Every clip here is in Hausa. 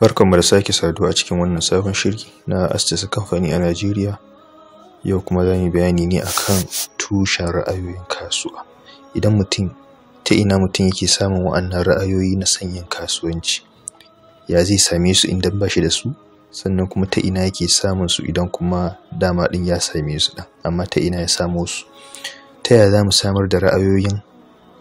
mu da sake saduwa a cikin wannan sabon shiri na Astis Kamfani a Najeriya. Yau kuma za yi bayani ne akan tushen ra'ayoyin kasuwa. Idan mutum ta ina mutum yake samun wa'annan ra'ayoyi na sanyin kasuwanci? Ya zai same su idan ba shi da su? Sannan kuma ta ina yake samun su idan kuma dama ɗin ya same su ɗin? Amma ta ina ya samo su? Ta yaya za mu samar da ra'ayoyin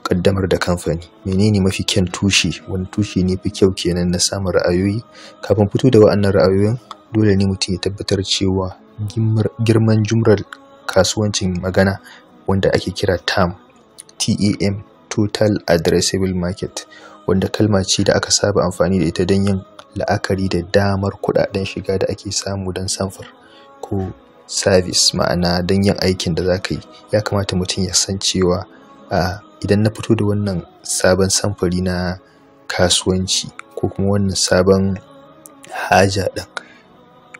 ƙaddamar da kamfani menene mafi kyan tushe wani tushe ne fi kyau kenan na samun ra'ayoyi kafin fito da wa'annan ra'ayoyin dole ne mutum ya tabbatar cewa girman jumlar kasuwancin magana wanda ake kira TAM TAM e Total Addressable Market wanda kalma ce da aka saba amfani da ita don yin la'akari da damar kuɗaɗen shiga da ake samu don samfur ko service ma'ana don yin aikin da za ka yi ya kamata mutum ya san cewa a idan na fito da wannan sabon samfuri na kasuwanci ko kuma wannan sabon haja ɗin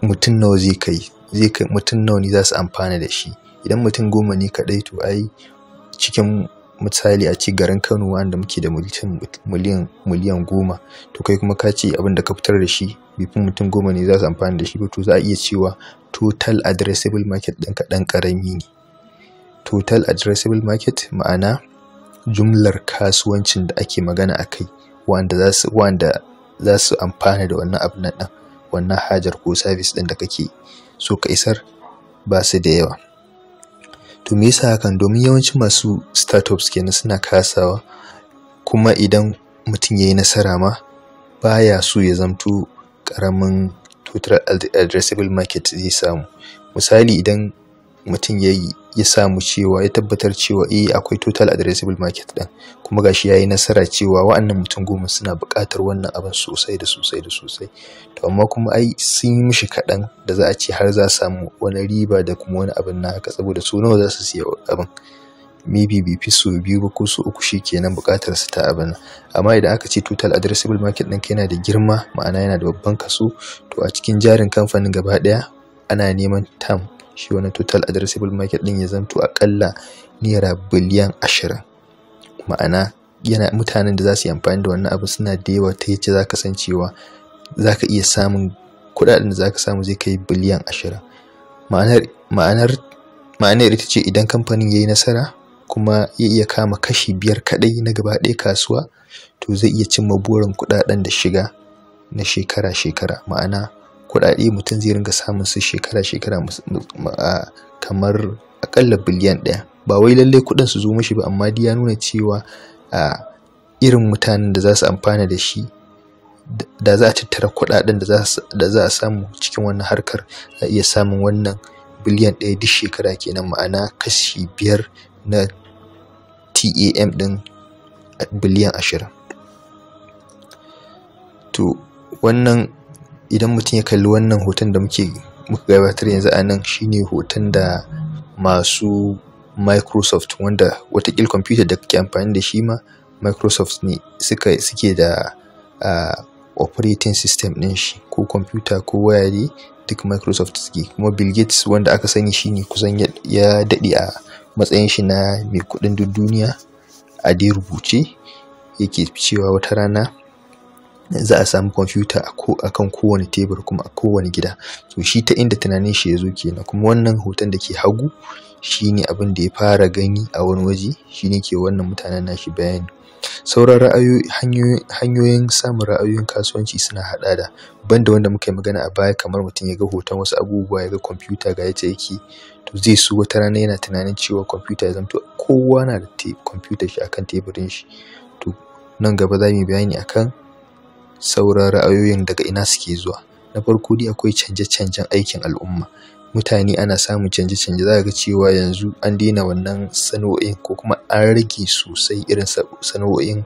mutum nawa zai kai zai kai mutum nawa ne za su amfana da shi idan mutum goma ne kaɗai to ai cikin misali a ce garin kano wanda muke da miliyan goma to kai kuma ka ce abin da ka fitar da shi bifin mutum goma ne za su amfana da shi ba to za a iya cewa total addressable market ɗinka ɗan ƙarami ne total addressable market ma'ana jumlar kasuwancin da ake magana a kai wanda za su amfana da wannan abu na ɗan wannan hajar ko service ɗin da kake so ka isar ba su da yawa to me yasa hakan domin yawancin masu startups kenan suna kasawa kuma idan mutum ya yi nasara ma baya so ya zamto ƙaramin total addressable market zai samu misali idan mutum ya yi ya samu cewa ya tabbatar cewa eh akwai total addressable market din kuma gashi yayi nasara cewa wa'annan mutum goma suna buƙatar wannan abin sosai da sosai da sosai to amma kuma ai sun yi mishi kaɗan da za a ce har za samu wani riba da kuma wani abin na haka saboda su nawa za su siya abin maybe bai fi so biyu ba ko so uku kenan buƙatar su ta abin amma idan aka ce total addressable market kai yana da girma ma'ana yana da babban kaso to a cikin jarin kamfanin gaba ɗaya ana neman tam shi wani total addressable market din ya zamto akalla naira biliyan ashirin ma'ana yana mutanen da za su yi amfani da wannan abu suna da yawa ta yace za ka san cewa za ka iya samun kudaden da za samu zai kai biliyan ashirin ma'anar ma'anar ita ce idan kamfanin ya yi nasara kuma ya iya kama kashi biyar kaɗai na gaba ɗaya kasuwa to zai iya cimma burin kuɗaɗen da shiga na shekara-shekara ma'ana kuɗaɗe mutum zai ringa samun su shekara-shekara kamar akalla biliyan ɗaya ba wai lallai kuɗin su zo mashi ba amma dai ya nuna cewa a irin mutanen da za su amfana da shi da za a tattara kuɗaɗen da za a samu cikin wannan harkar za a iya samun wannan biliyan ɗaya duk shekara kenan ma'ana kashi biyar na TAM ɗin biliyan ashirin to wannan idan mutum ya kalli wannan hoton da muke muka gabatar yanzu a nan shine hoton da masu Microsoft wanda watakil kwamfutar da kake amfani da shi ma Microsoft ne suka suke da uh, operating system din shi ko kwamfuta ko wayari duk Microsoft suke kuma Bill Gates wanda aka sani shi ne kusan ya daɗe a matsayin shi na mai kuɗin duniya a dai rubuce yake cewa wata rana za a samu kwamfuta a kan kowane tebur kuma a kowane gida to shi ta inda tunanin shi ya zo kenan kuma wannan hoton da ke hagu shine abin da ya fara gani a wani waje Shi ne ke wannan mutanen nashi bayani sauran hanyoyin samun ra'ayoyin kasuwanci suna haɗa da banda wanda muka yi magana a baya kamar mutum ya ga hoton wasu abubuwa ya ga kwamfuta ga ya yake to zai so wata rana yana tunanin cewa kwamfuta ya zamto kowa na da kwamfutar shi akan teburin shi to nan gaba za mu yi bayani akan sauran ra'ayoyin daga ina suke zuwa na farko dai akwai canje-canjen aikin al'umma mutane ana samun canje-canje za ga cewa yanzu an daina wannan sana'o'in ko kuma an rage sosai irin sana'o'in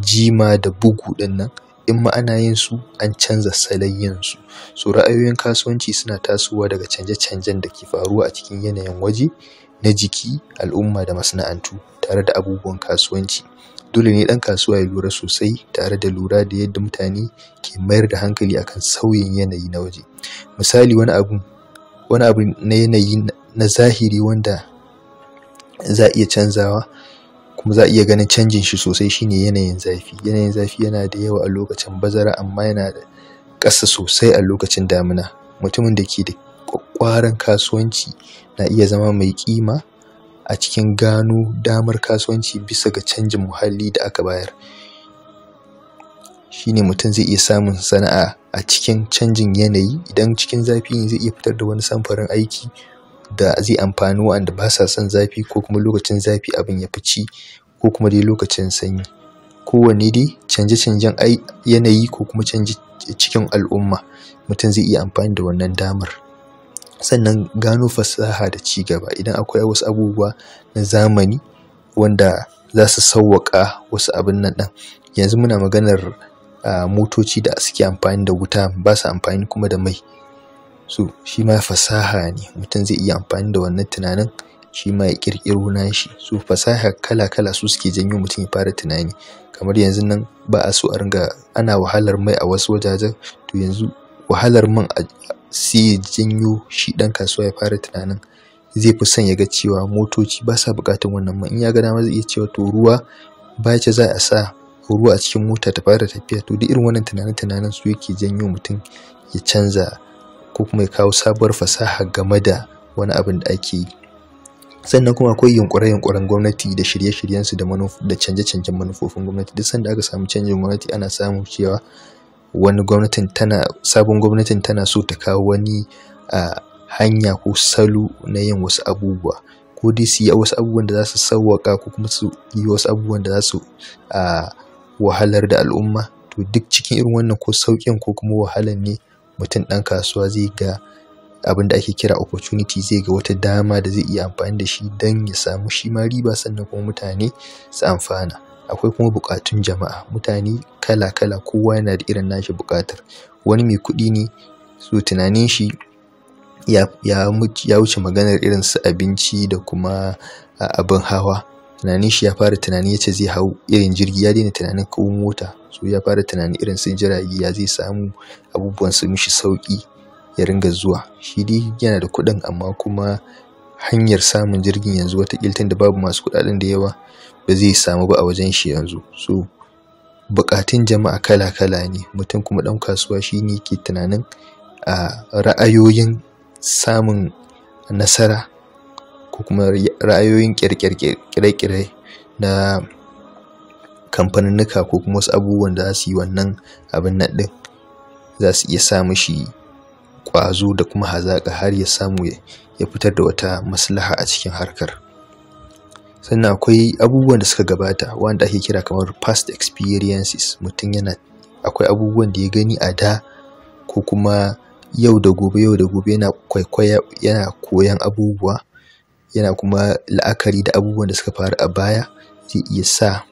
jima da bugu ɗin nan in ma ana yin su an canza salon yin su so ra'ayoyin kasuwanci suna tasowa daga canje-canjen da ke faruwa a cikin yanayin waje na jiki al'umma da masana'antu tare da abubuwan kasuwanci Dole ne ɗan kasuwa ya lura sosai tare da lura da yadda mutane ke mayar da hankali akan sauyin yanayi na waje. Misali wani abu wani abu na yanayi na zahiri wanda za iya canzawa kuma za iya ganin canjin shi sosai shine yanayin zafi. Yanayin zafi yana da yawa a lokacin bazara amma yana da ƙasa sosai a lokacin damina. Mutumin da ke da kwakwaran kasuwanci na iya zama mai kima. a cikin gano damar kasuwanci bisa ga canjin muhalli da aka bayar shine mutum zai iya samun sana'a a cikin canjin yanayi idan cikin zafi ne zai iya fitar da wani samfarin aiki da zai amfani wa'anda ba sa son zafi ko kuma lokacin zafi abin ya fici ko kuma dai lokacin sanyi kowanne dai canje-canjen yanayi ko kuma canje cikin al'umma mutum zai iya amfani da wannan damar sannan gano fasaha da ci gaba idan akwai wasu abubuwa na zamani wanda za su sauwaƙa wasu abin nan ɗan. yanzu muna maganar motoci da suke amfani da wuta ba su amfani kuma da mai so shi ma fasaha ne mutum zai iya amfani da wannan tunanin shi ma ya ƙirƙiro shi. so fasaha kala-kala su suke janyo mutum ya fara tunani kamar yanzu nan ba a so a ringa ana wahalar mai a wasu wajajen to yanzu wahalar man sai ya janyo shi ɗan kasuwa ya fara tunanin zai fi son ya ga cewa motoci ba sa buƙatar wannan man in ya ga dama zai iya cewa to ruwa ba ce za a sa ruwa a cikin mota ta fara tafiya to duk irin wannan tunanin tunanin su yake janyo mutum ya canza ko kuma ya kawo sabuwar fasaha game da wani abin da ake yi sannan kuma akwai yunkure-yunkuren gwamnati da shirye-shiryensu da canje-canjen manufofin gwamnati duk sanda aka samu canjin gwamnati ana samun cewa wani gwamnatin tana sabon gwamnatin tana so ta kawo wani a hanya ko salo na yin wasu abubuwa ko dai su yi wasu abubuwan da za su sauwaka ko kuma su yi wasu abubuwan da za su wahalar da al'umma to duk cikin irin wannan ko sauƙin ko kuma wahalar ne mutum ɗan kasuwa zai ga abin da ake kira opportunity zai ga wata dama da zai iya amfani da shi don ya samu shi ma riba sannan kuma mutane su amfana akwai kuma buƙatun jama'a mutane kala kala kowa yana da irin nashi buƙatar wani mai kuɗi ne so tunanin shi ya wuce maganar irin su abinci da kuma abin hawa tunanin shi ya fara tunani yace zai hau irin jirgi ya daina tunanin ko mota so ya fara tunanin irin su jirage ya zai samu abubuwan su mishi sauƙi ya ringa zuwa shi dai yana da kuɗin amma kuma hanyar samun jirgin yanzu watakiltin da babu masu kuɗaɗen da yawa ba zai samu ba a wajen shi yanzu so bukatun jama'a kala-kala ne mutum kuma ɗan kasuwa shi ne ke tunanin a ra'ayoyin samun nasara ko kuma ra'ayoyin kirkire-kirkire na kamfaninnika ko kuma wasu abubuwan da za su yi wannan abin nan za su iya samu shi. Kwazo da kuma hazaƙa har ya samu ya fitar da wata maslaha a cikin harkar sannan akwai abubuwan da suka gabata wanda ake kira kamar past experiences mutum yana akwai abubuwan da ya gani a da ko kuma yau da gobe yau da gobe yana kwaikwaya yana koyan abubuwa yana kuma la'akari da abubuwan da suka faru a baya zai iya sa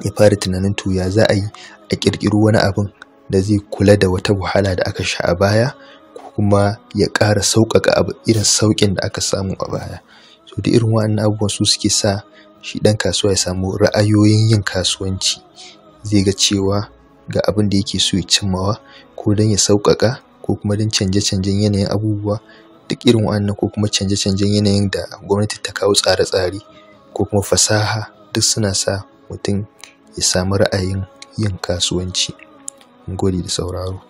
ya fara tunanin to ya za a yi a ƙirƙiro wani abin da zai kula da wata wahala da aka sha a baya ko kuma ya ƙara sauƙaƙa abu irin sauƙin da aka samu a baya so da irin waɗannan abubuwan su suke sa shi ɗan kasuwa ya samu ra'ayoyin yin kasuwanci zai ga cewa ga abin da yake so ya cimmawa ko don ya sauƙaƙa ko kuma don canje-canjen yanayin abubuwa duk irin waɗannan ko kuma canje-canjen yanayin da gwamnati ta kawo tsare-tsare ko kuma fasaha duk suna sa mutum ya samu ra'ayin yin kasuwanci. Mun gode da sauraro.